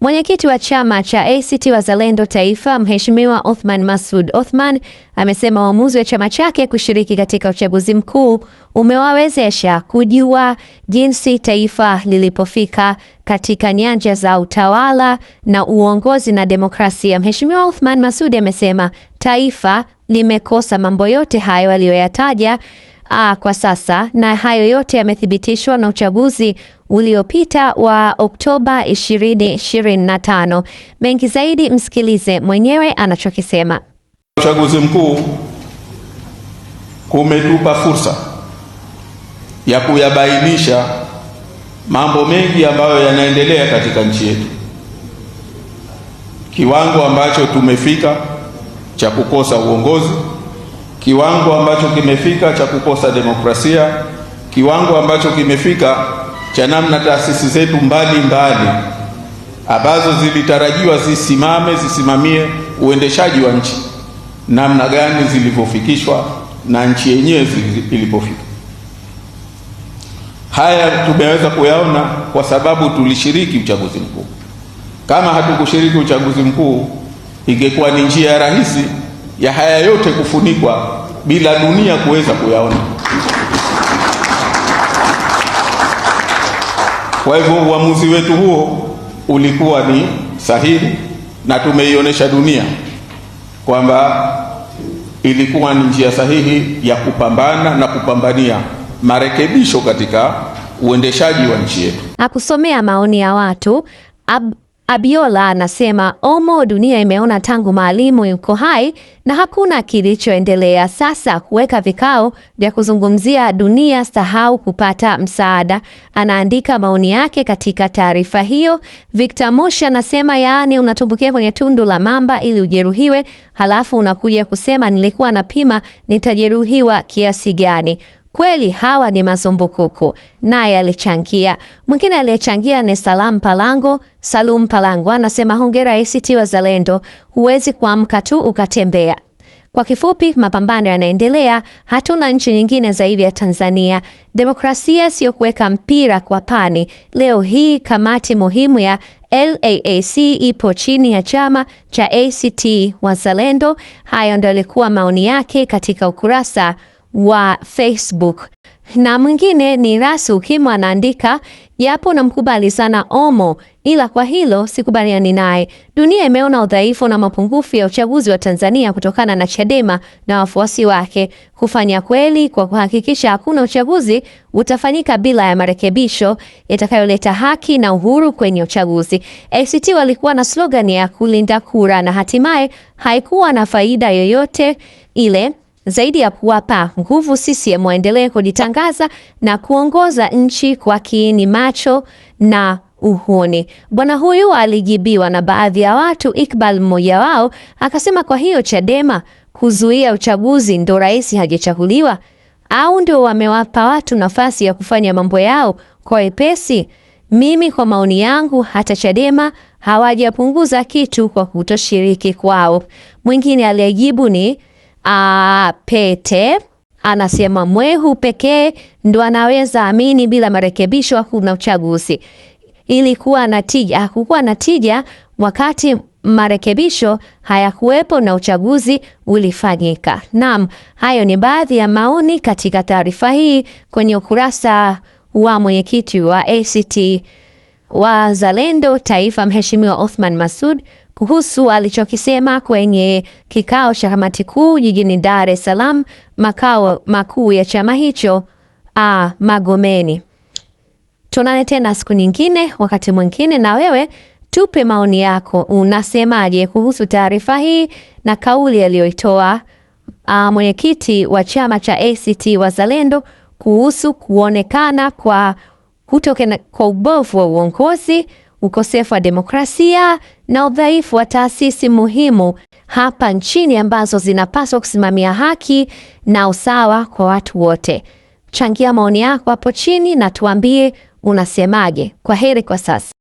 Mwenyekiti wa chama cha ACT Wazalendo Taifa, Mheshimiwa Othman masud Othman amesema uamuzi wa chama chake kushiriki katika uchaguzi mkuu umewawezesha kujua jinsi taifa lilipofika katika nyanja za utawala na uongozi na demokrasia. Mheshimiwa Othman masud amesema taifa limekosa mambo yote hayo aliyoyataja. A ah, kwa sasa, na hayo yote yamethibitishwa na uchaguzi uliopita wa Oktoba 2025. Mengi zaidi msikilize mwenyewe anachokisema. Uchaguzi mkuu kumetupa fursa ya kuyabainisha mambo mengi ambayo yanaendelea katika nchi yetu, kiwango ambacho tumefika cha kukosa uongozi kiwango ambacho kimefika cha kukosa demokrasia, kiwango ambacho kimefika cha namna taasisi zetu mbalimbali ambazo zilitarajiwa zisimame zisimamie uendeshaji wa nchi, namna gani zilivyofikishwa na nchi yenyewe ilipofika. Haya tumeweza kuyaona kwa sababu tulishiriki uchaguzi mkuu. Kama hatukushiriki uchaguzi mkuu, ingekuwa ni njia rahisi ya haya yote kufunikwa bila dunia kuweza kuyaona. Kwa hivyo uamuzi wetu huo ulikuwa ni sahihi, na tumeionyesha dunia kwamba ilikuwa ni njia sahihi ya kupambana na kupambania marekebisho katika uendeshaji wa nchi yetu. Akusomea maoni ya watu ab Abiola anasema omo, dunia imeona tangu Maalimu yuko hai na hakuna kilichoendelea. Sasa kuweka vikao vya kuzungumzia dunia, sahau kupata msaada. Anaandika maoni yake katika taarifa hiyo. Victor Moshi anasema yaani, unatumbukia kwenye tundu la mamba ili ujeruhiwe, halafu unakuja kusema nilikuwa napima nitajeruhiwa kiasi gani? Kweli hawa ni masumbukuku. Naye alichangia. Mwingine aliyechangia ni Salam Palango Salum Palangwa anasema hongera ACT Wazalendo, huwezi kuamka tu ukatembea. Kwa kifupi, mapambano yanaendelea, hatuna nchi nyingine zaidi ya Tanzania. Demokrasia siyo kuweka mpira kwa pani. Leo hii kamati muhimu ya LAAC ipo chini ya chama cha ACT Wazalendo. Hayo ndio alikuwa maoni yake katika ukurasa wa Facebook na mwingine ni Rasu Kimwa anaandika, japo namkubali sana Omo, ila kwa hilo sikubaliani naye. Dunia imeona udhaifu na mapungufu ya uchaguzi wa Tanzania kutokana na Chadema na wafuasi wake kufanya kweli kwa kuhakikisha hakuna uchaguzi utafanyika bila ya marekebisho yatakayoleta haki na uhuru kwenye uchaguzi. ACT walikuwa na slogan ya kulinda kura na hatimaye haikuwa na faida yoyote ile zaidi ya kuwapa nguvu CCM waendelee kujitangaza na kuongoza nchi kwa kiini macho na uhuni. Bwana huyu alijibiwa na baadhi ya watu, Iqbal mmoja wao akasema, kwa hiyo Chadema kuzuia uchaguzi ndo rais hajachaguliwa au ndio wamewapa watu nafasi ya kufanya mambo yao kwa wepesi? Mimi kwa maoni yangu hata Chadema hawajapunguza kitu kwa kutoshiriki kwao. Mwingine aliyejibu ni a pete. Anasema mwehu pekee ndo anaweza amini bila marekebisho, hakuna uchaguzi. Ilikuwa na tija, hakukuwa na tija wakati marekebisho hayakuwepo na uchaguzi ulifanyika. Naam, hayo ni baadhi ya maoni katika taarifa hii kwenye ukurasa wa mwenyekiti wa ACT wa Zalendo Taifa, Mheshimiwa Othman masud kuhusu alichokisema kwenye kikao cha kamati kuu jijini Dar es Salaam, makao makuu ya chama hicho a Magomeni. Tuonane tena siku nyingine, wakati mwingine, na wewe tupe maoni yako, unasemaje kuhusu taarifa hii na kauli aliyoitoa mwenyekiti wa chama cha ACT Wazalendo kuhusu kuonekana kwa hutokana kwa ubovu wa uongozi, ukosefu wa demokrasia na udhaifu wa taasisi muhimu hapa nchini ambazo zinapaswa kusimamia haki na usawa kwa watu wote. Changia maoni yako hapo chini na tuambie unasemaje. Kwa heri kwa sasa.